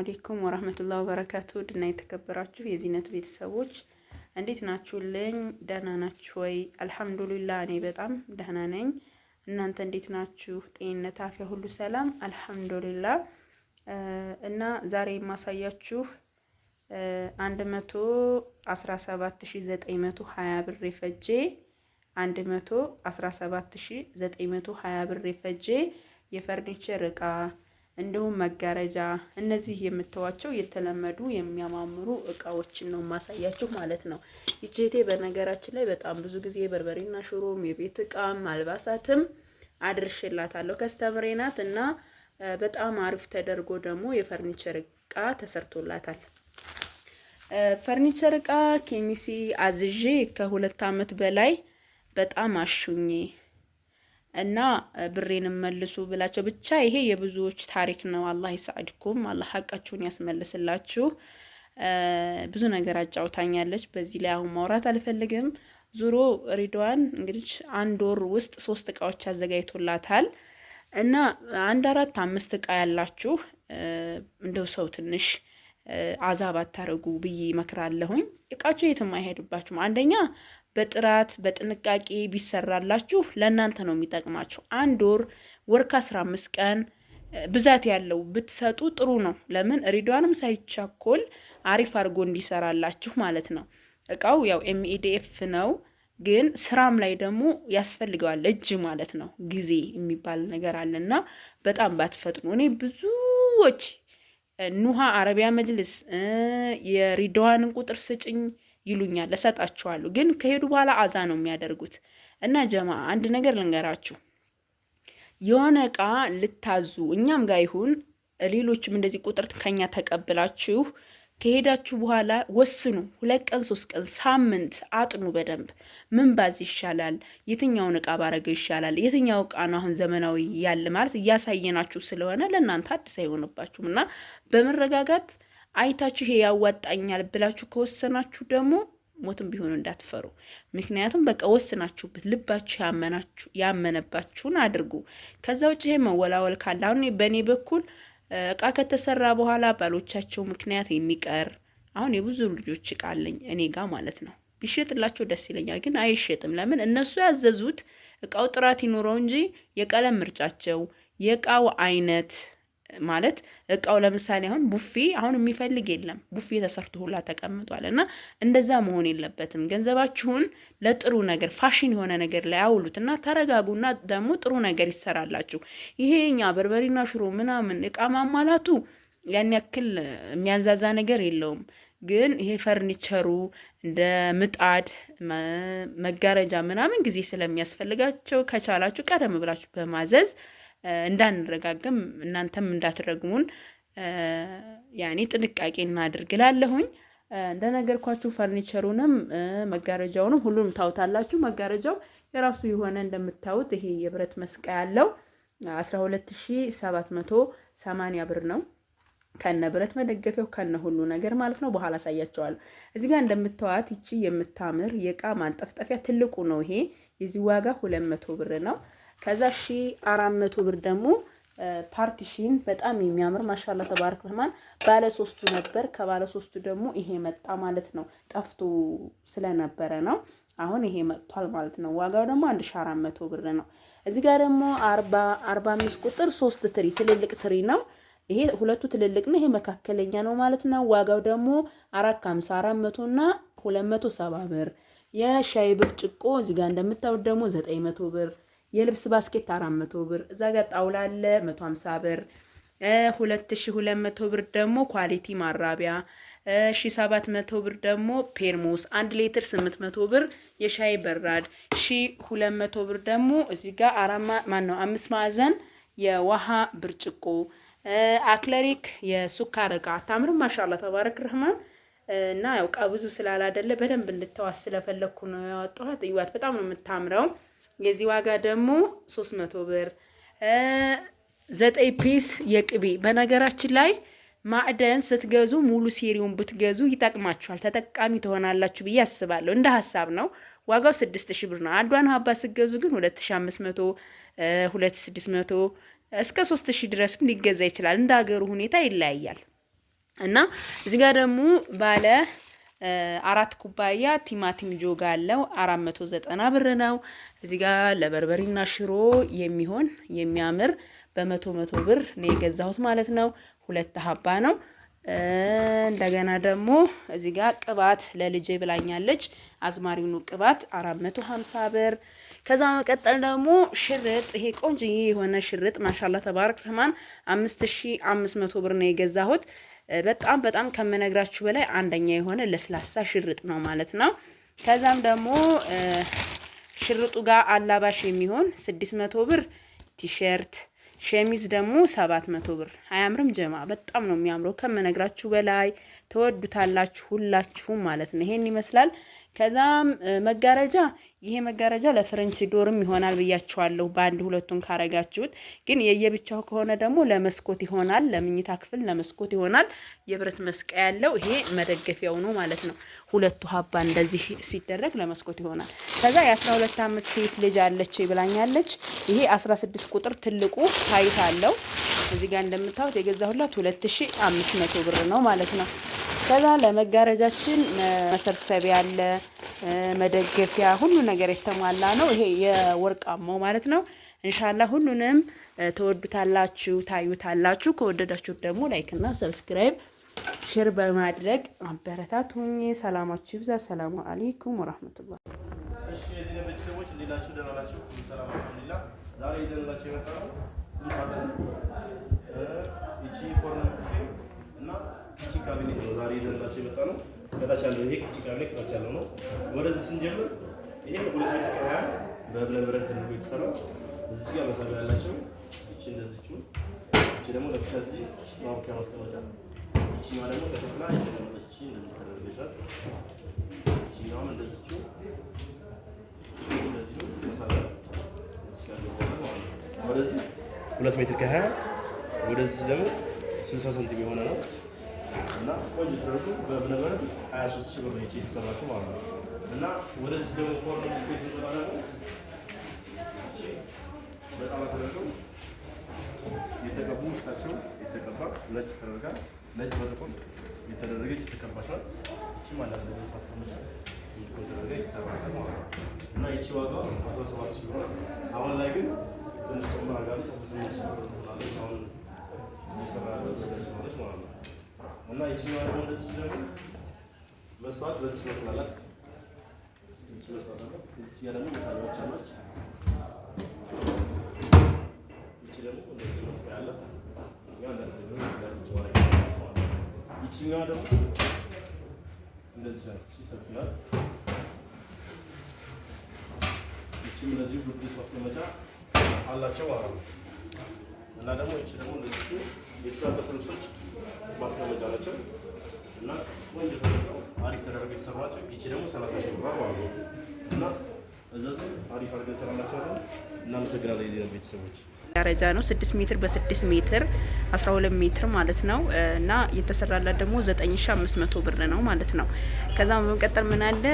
አሌይኩም ወራህመቱላህ ወበረካቱ ድና የተከበራችሁ የዚህነት ቤተሰቦች እንዴት ናችሁልኝ? ደህና ናችሁ ወይ? አልሐምዱሊላ እኔ በጣም ደህና ነኝ። እናንተ እንዴት ናችሁ? ጤንነት፣ አፍያ ሁሉ ሰላም አልሐምዱሊላ። እና ዛሬ የማሳያችሁ አንድ መቶ አስራ ሰባት ሺ ዘጠኝ መቶ ሀያ ብር የፈጄ አንድ መቶ አስራ ሰባት ሺ ዘጠኝ መቶ ሀያ ብር የፈጄ የፈርኒቸር እቃ እንዲሁም መጋረጃ፣ እነዚህ የምትዋቸው የተለመዱ የሚያማምሩ እቃዎችን ነው ማሳያችሁ ማለት ነው። ይቼቴ በነገራችን ላይ በጣም ብዙ ጊዜ በርበሬና ሽሮም የቤት እቃም አልባሳትም አድርሽላታለሁ። ከስተምሬ ናት እና በጣም አሪፍ ተደርጎ ደግሞ የፈርኒቸር እቃ ተሰርቶላታል። ፈርኒቸር እቃ ኬሚሲ አዝዤ ከሁለት አመት በላይ በጣም አሹኜ እና ብሬን መልሱ ብላቸው። ብቻ ይሄ የብዙዎች ታሪክ ነው። አላህ ይስዓድኩም፣ አላህ ሀቃችሁን ያስመልስላችሁ። ብዙ ነገር አጫውታኛለች። በዚህ ላይ አሁን ማውራት አልፈልግም። ዙሮ ሪድዋን እንግዲህ አንድ ወር ውስጥ ሶስት እቃዎች አዘጋጅቶላታል እና አንድ አራት አምስት እቃ ያላችሁ እንደው ሰው ትንሽ አዛብ አታረጉ ብዬ ይመክራለሁኝ። እቃችሁ የትም አይሄድባችሁም። አንደኛ በጥራት በጥንቃቄ ቢሰራላችሁ ለእናንተ ነው የሚጠቅማችሁ። አንድ ወር ወር ከአስራ አምስት ቀን ብዛት ያለው ብትሰጡ ጥሩ ነው። ለምን ሪዷንም ሳይቻኮል አሪፍ አድርጎ እንዲሰራላችሁ ማለት ነው። እቃው ያው ኤምኤዲኤፍ ነው፣ ግን ስራም ላይ ደግሞ ያስፈልገዋል እጅ ማለት ነው። ጊዜ የሚባል ነገር አለና በጣም ባትፈጥኑ። እኔ ብዙዎች ኑሃ አረቢያ መጅልስ የሪድዋንን ቁጥር ስጭኝ ይሉኛል፣ እሰጣችኋለሁ። ግን ከሄዱ በኋላ አዛ ነው የሚያደርጉት። እና ጀማ አንድ ነገር ልንገራችሁ፣ የሆነ እቃ ልታዙ እኛም ጋር ይሁን ሌሎችም እንደዚህ ቁጥር ከኛ ተቀብላችሁ ከሄዳችሁ በኋላ ወስኑ። ሁለት ቀን ሶስት ቀን ሳምንት አጥኑ በደንብ ምን ባዝ ይሻላል፣ የትኛውን እቃ ባረገ ይሻላል፣ የትኛው እቃ ነው አሁን ዘመናዊ ያለ ማለት እያሳየናችሁ ስለሆነ ለእናንተ አዲስ አይሆንባችሁም እና በመረጋጋት አይታችሁ ይሄ ያዋጣኛል ብላችሁ ከወሰናችሁ ደግሞ ሞትም ቢሆኑ እንዳትፈሩ። ምክንያቱም በቃ ወስናችሁበት ልባችሁ ያመነባችሁን አድርጉ። ከዛ ውጭ ይሄ መወላወል ካለ አሁን በእኔ በኩል እቃ ከተሰራ በኋላ ባሎቻቸው ምክንያት የሚቀር አሁን የብዙ ልጆች እቃ አለኝ እኔ ጋር ማለት ነው። ቢሸጥላቸው ደስ ይለኛል፣ ግን አይሸጥም። ለምን? እነሱ ያዘዙት እቃው ጥራት ይኖረው እንጂ የቀለም ምርጫቸው የእቃው አይነት ማለት እቃው ለምሳሌ አሁን ቡፌ አሁን የሚፈልግ የለም ቡፌ ተሰርቶ ሁላ ተቀምጧል። እና እንደዛ መሆን የለበትም። ገንዘባችሁን ለጥሩ ነገር ፋሽን የሆነ ነገር ላይ አውሉት እና ተረጋጉና ደግሞ ጥሩ ነገር ይሰራላችሁ። ይሄኛ በርበሬና ሽሮ ምናምን እቃ ማሟላቱ ያን ያክል የሚያንዛዛ ነገር የለውም። ግን ይሄ ፈርኒቸሩ እንደ ምጣድ መጋረጃ ምናምን ጊዜ ስለሚያስፈልጋቸው ከቻላችሁ ቀደም ብላችሁ በማዘዝ እንዳንረጋገም እናንተም እንዳትረግሙን ያኔ ጥንቃቄ እናድርግ እላለሁኝ። እንደነገርኳችሁ ፈርኒቸሩንም መጋረጃውንም ሁሉንም ታውታላችሁ። መጋረጃው የራሱ የሆነ እንደምታዩት ይሄ የብረት መስቀያ ያለው 12780 ብር ነው። ከነ ብረት መደገፊያው ከነ ሁሉ ነገር ማለት ነው። በኋላ አሳያቸዋለሁ። እዚህ ጋር እንደምታዋት ይቺ የምታምር የእቃ ማንጠፍጠፊያ ትልቁ ነው። ይሄ የዚህ ዋጋ 200 ብር ነው። ከዛ ሺ አራት መቶ ብር ደግሞ ፓርቲሽን በጣም የሚያምር ማሻላ ተባረክ ረህማን ባለ ሶስቱ ነበር። ከባለ ሶስቱ ደግሞ ይሄ መጣ ማለት ነው። ጠፍቶ ስለነበረ ነው። አሁን ይሄ መጥቷል ማለት ነው። ዋጋው ደግሞ አንድ ሺ አራት መቶ ብር ነው። እዚህ ጋር ደግሞ አርባ አርባ አምስት ቁጥር ሶስት ትሪ ትልልቅ ትሪ ነው። ይሄ ሁለቱ ትልልቅ ነው። ይሄ መካከለኛ ነው ማለት ነው። ዋጋው ደግሞ አራት ከሀምሳ አራት መቶ እና ሁለት መቶ ሰባ ብር። የሻይ ብርጭቆ እዚህ ጋር እንደምታዩት ደግሞ ዘጠኝ መቶ ብር የልብስ ባስኬት 400 ብር እዛ ጋር ጣውላ አለ 150 ብር 2200 ብር ደግሞ ኳሊቲ ማራቢያ 1700 ብር ደግሞ ፔርሞስ፣ 1 ሊትር 800 ብር የሻይ በራድ 1200 ብር ደግሞ እዚህ ጋር አራማ ማን ነው አምስት ማዕዘን የውሃ ብርጭቆ አክለሪክ የሱካር እቃ አታምርም። ማሻላ ተባረክ ረህማን እና ያው እቃ ብዙ ስላላደለ በደንብ እንድተዋስ ስለፈለግኩ ነው ያወጣኋት። እዩዋት፣ በጣም ነው የምታምረው። የዚህ ዋጋ ደግሞ 300 ብር። ዘጠኝ ፒስ የቅቤ በነገራችን ላይ ማዕደን ስትገዙ ሙሉ ሴሪውን ብትገዙ ይጠቅማችኋል፣ ተጠቃሚ ትሆናላችሁ ብዬ አስባለሁ። እንደ ሀሳብ ነው። ዋጋው ሺ ብር ነው። አንዷን ሀባ ስትገዙ ግን ስድስት መቶ እስከ ሶስት ሺ ድረስም ሊገዛ ይችላል። እንደ ሀገሩ ሁኔታ ይለያያል እና እዚህ ጋር ደግሞ ባለ አራት ኩባያ ቲማቲም ጆጋ አለው 490 ብር ነው። እዚህ ጋር ለበርበሪና ሽሮ የሚሆን የሚያምር በመቶ መቶ ብር ነው የገዛሁት ማለት ነው። ሁለት ሀባ ነው። እንደገና ደግሞ እዚህ ጋር ቅባት ለልጄ ብላኛለች። አዝማሪኑ ቅባት 450 ብር። ከዛ መቀጠል ደግሞ ሽርጥ፣ ይሄ ቆንጆዬ የሆነ ሽርጥ ማሻላ ተባረክ ረህማን 5500 ብር ነው የገዛሁት። በጣም በጣም ከመነግራችሁ በላይ አንደኛ የሆነ ለስላሳ ሽርጥ ነው ማለት ነው። ከዛም ደግሞ ሽርጡ ጋር አላባሽ የሚሆን 600 ብር ቲሸርት፣ ሸሚዝ ደግሞ 700 ብር። አያምርም ጀማ? በጣም ነው የሚያምረው ከመነግራችሁ በላይ ተወዱታላችሁ ሁላችሁም ማለት ነው። ይሄን ይመስላል። ከዛም መጋረጃ ይሄ መጋረጃ ለፍረንች ዶርም ይሆናል ብያችኋለሁ። በአንድ ሁለቱን ካረጋችሁት ግን የየብቻው ከሆነ ደግሞ ለመስኮት ይሆናል፣ ለምኝታ ክፍል ለመስኮት ይሆናል። የብረት መስቀያ ያለው ይሄ መደገፊያው ነው ማለት ነው። ሁለቱ ሀባ እንደዚህ ሲደረግ ለመስኮት ይሆናል። ከዛ የ12 ዓመት ሴት ልጅ አለች ብላኛለች። ይሄ 16 ቁጥር ትልቁ ሀይት አለው። እዚህ ጋር እንደምታዩት የገዛሁላት 2500 ብር ነው ማለት ነው። ከዛ ለመጋረጃችን መሰብሰቢያ አለ፣ መደገፊያ ሁሉ ነገር የተሟላ ነው። ይሄ የወርቃማው ማለት ነው። እንሻላ ሁሉንም ተወዱታላችሁ፣ ታዩታላችሁ። ከወደዳችሁ ደግሞ ላይክና ሰብስክራይብ ሼር በማድረግ አበረታቱኝ። ሰላማችሁ ይብዛ። ሰላሙ አሌይኩም ወራህመቱላ። እሺ የዚህ ቤተሰቦች ደህና ናችሁ? ሰላም ዛሬ የመጣነው ይቺ ኮርነር እና ኪቺ ካቢኔት ነው ዛሬ ይዘንላቸው የመጣ ነው። ከታች ያለው ይሄ ኪቺ ካቢኔት ከታች ያለው ነው። ወደዚህ ስንጀምር ይሄ ሁለት ሜትር ከሀያ በብለ ብረት ተደርጎ የተሰራ እዚህ ጋር መሳቢያ ያላቸው እቺ እንደዚች እቺ ደግሞ ለብቻ እዚህ ማብኪያ ማስቀመጫ እቺኛ ደግሞ ተከፍላ እቺ እንደዚህ ተደርገሻል። እቺኛውም እንደዚች እንደዚሁ መሳቢያ እዚህ ጋር ወደዚህ ሁለት ሜትር ከሀያ ወደዚህ ደግሞ ስልሳ ሳንቲም የሆነ ነው። እና ቆንጆ ፍረዱ በእብነበረድ 23 ሺህ ብር ነው የተሰራችው ማለት ነው። እና ወደዚህ ደግሞ ኮርነ ፌስ በጣም ተረዱ የተቀቡ ውስጣቸው የተቀባ ነጭ ተደርጋ ነጭ በጥቁር የተደረገች የተቀባችዋል እቺ ማለት ነው ማስቀመጫ ተደረገ የተሰራ ማለት እና ይቺ ዋጋ 17 ሺህ ብር አሁን ላይ ግን ትንሽ ጨምራ አድርጋለች። አሁን እየሰራ ያለ ማለት ነው እና ይቺን ማለት ነው እንደዚህ ደግሞ መስዋዕት በዚህ መስላላት ይቺ መስዋዕት አለ። እዚህ ደግሞ መሳቢያዎች አሏች። ይቺ ደግሞ እንደዚህ መስቀል አለ። ያ እንደዚህ ነው እንደዚህ ነው ማለት ነው። ደግሞ እንደዚህ ናት። እሺ ሰፊ ናት። ይቺም እንደዚህ ጉድስ ማስቀመጫ አላቸው ማለት ነው። እና ደግሞ ይቺ ደግሞ እንደዚቹ የተጠበሱ ልብሶች ማስቀመጫ ናቸው እና ቆንጆ ተደርገው አሪፍ ተደርገው የተሰሯቸው። ይቺ ደግሞ ሰላሳ ሺህ ብር ማለት ነው እና እዘዙ አሪፍ አድርገን ሰራላቸዋለን። እናመሰግናለን። የዚህ ቤተሰቦች ደረጃ ነው። 6 ሜትር በ6 ሜትር 12 ሜትር ማለት ነው እና የተሰራላት ደግሞ 9500 ብር ነው ማለት ነው። ከዛ በመቀጠል ምን አለ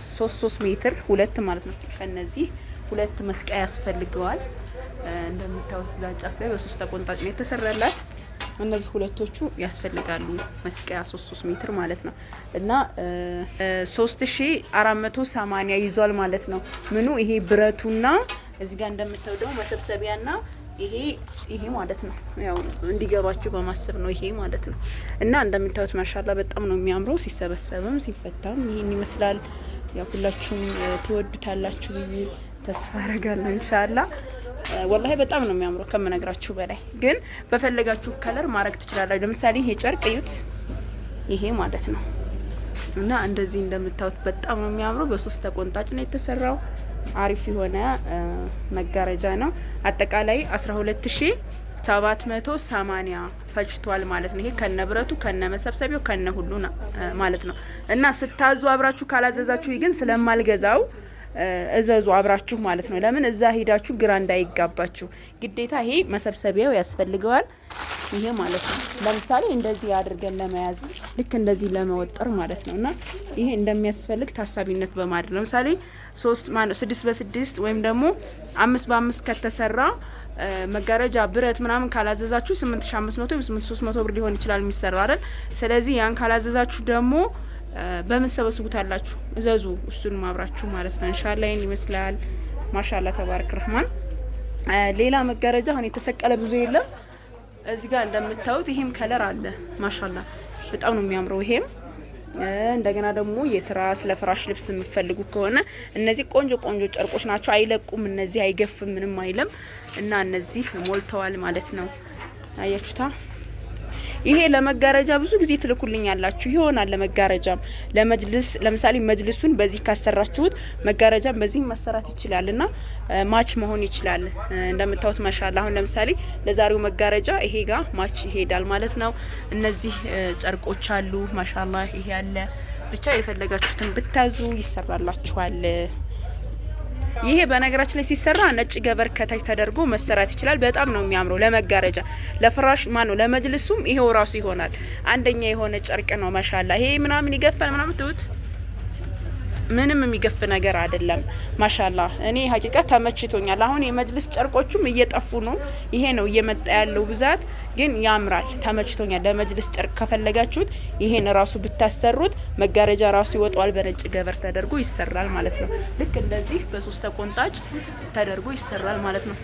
3 3 ሜትር ሁለት ማለት ነው። ከነዚህ ሁለት መስቀያ ያስፈልገዋል። እንደምታዩት እዛ ጫፍ ላይ በሶስት ተቆንጣጭ ነው የተሰራላት። እነዚህ ሁለቶቹ ያስፈልጋሉ መስቀያ 33 ሜትር ማለት ነው እና 3480 ይዟል ማለት ነው። ምኑ ይሄ ብረቱና እዚህ ጋር እንደምታዩ ደግሞ መሰብሰቢያና ይሄ ይሄ ማለት ነው። ያው እንዲገባችሁ በማሰብ ነው ይሄ ማለት ነው እና እንደምታዩት ማሻላ በጣም ነው የሚያምረው። ሲሰበሰብም ሲፈታም ይሄን ይመስላል። ያው ሁላችሁም ትወዱታላችሁ ብዬ ተስፋ አረጋለሁ ኢንሻአላህ። ወላሂ በጣም ነው የሚያምረው ከምነግራችሁ በላይ። ግን በፈለጋችሁ ከለር ማድረግ ትችላላችሁ። ለምሳሌ ይሄ ጨርቅ እዩት፣ ይሄ ማለት ነው እና እንደዚህ እንደምታዩት በጣም ነው የሚያምረው። በሶስት ተቆንጣጭ ነው የተሰራው። አሪፍ የሆነ መጋረጃ ነው። አጠቃላይ 12780 ፈጅቷል ማለት ነው። ይሄ ከነብረቱ ከነመሰብሰቢያው ከነ ሁሉ ማለት ነው እና ስታዙ አብራችሁ ካላዘዛችሁ ግን ስለማልገዛው እዘዙ አብራችሁ ማለት ነው። ለምን እዛ ሄዳችሁ ግራ እንዳይጋባችሁ ግዴታ ይሄ መሰብሰቢያው ያስፈልገዋል። ይሄ ማለት ነው ለምሳሌ እንደዚህ አድርገን ለመያዝ ልክ እንደዚህ ለመወጠር ማለት ነው። እና ይሄ እንደሚያስፈልግ ታሳቢነት በማድረግ ለምሳሌ ሶስት ማለት ስድስት በስድስት ወይም ደግሞ አምስት በአምስት ከተሰራ መጋረጃ ብረት ምናምን ካላዘዛችሁ ስምንት ሺ አምስት መቶ ወይም ስምንት ሶስት መቶ ብር ሊሆን ይችላል የሚሰራ አይደል። ስለዚህ ያን ካላዘዛችሁ ደግሞ በምን ሰበስቡታላችሁ? እዘዙ። እሱን ማብራችሁ ማለት ነው። ይህን ይመስላል። ማሻአላ ተባረክ ረህማን። ሌላ መጋረጃ አሁን የተሰቀለ ብዙ የለም። እዚህ ጋር እንደምታዩት ይሄም ከለር አለ። ማሻላ በጣም ነው የሚያምረው። ይሄም እንደገና ደግሞ የትራስ ለፍራሽ ልብስ የምፈልጉ ከሆነ እነዚህ ቆንጆ ቆንጆ ጨርቆች ናቸው። አይለቁም፣ እነዚህ አይገፍም፣ ምንም አይለም እና እነዚህ ሞልተዋል ማለት ነው። አያችሁታ ይሄ ለመጋረጃ ብዙ ጊዜ ትልኩልኛላችሁ ይሆናል። ለመጋረጃም ለመጅልስ ለምሳሌ መጅልሱን በዚህ ካሰራችሁት መጋረጃም በዚህ መሰራት ይችላል እና ማች መሆን ይችላል። እንደምታዩት ማሻአላ። አሁን ለምሳሌ ለዛሬው መጋረጃ ይሄ ጋር ማች ይሄዳል ማለት ነው። እነዚህ ጨርቆች አሉ ማሻአላ። ይሄ አለ ብቻ የፈለጋችሁትን ብታዙ ይሰራላችኋል። ይሄ በነገራችን ላይ ሲሰራ ነጭ ገበር ከታች ተደርጎ መሰራት ይችላል። በጣም ነው የሚያምረው። ለመጋረጃ ለፍራሽ ማ ነው ለመጅልሱም ይሄው ራሱ ይሆናል። አንደኛ የሆነ ጨርቅ ነው ማሻላ። ይሄ ምናምን ይገፋል ምናምን ትውት ምንም የሚገፍ ነገር አይደለም። ማሻላ እኔ ሀቂቃ ተመችቶኛል። አሁን የመጅልስ ጨርቆቹም እየጠፉ ነው። ይሄ ነው እየመጣ ያለው ብዛት፣ ግን ያምራል፣ ተመችቶኛል። ለመጅልስ ጨርቅ ከፈለጋችሁት ይሄን ራሱ ብታሰሩት መጋረጃ ራሱ ይወጣዋል። በነጭ ገበር ተደርጎ ይሰራል ማለት ነው። ልክ እንደዚህ በሶስት ተቆንጣጭ ተደርጎ ይሰራል ማለት ነው።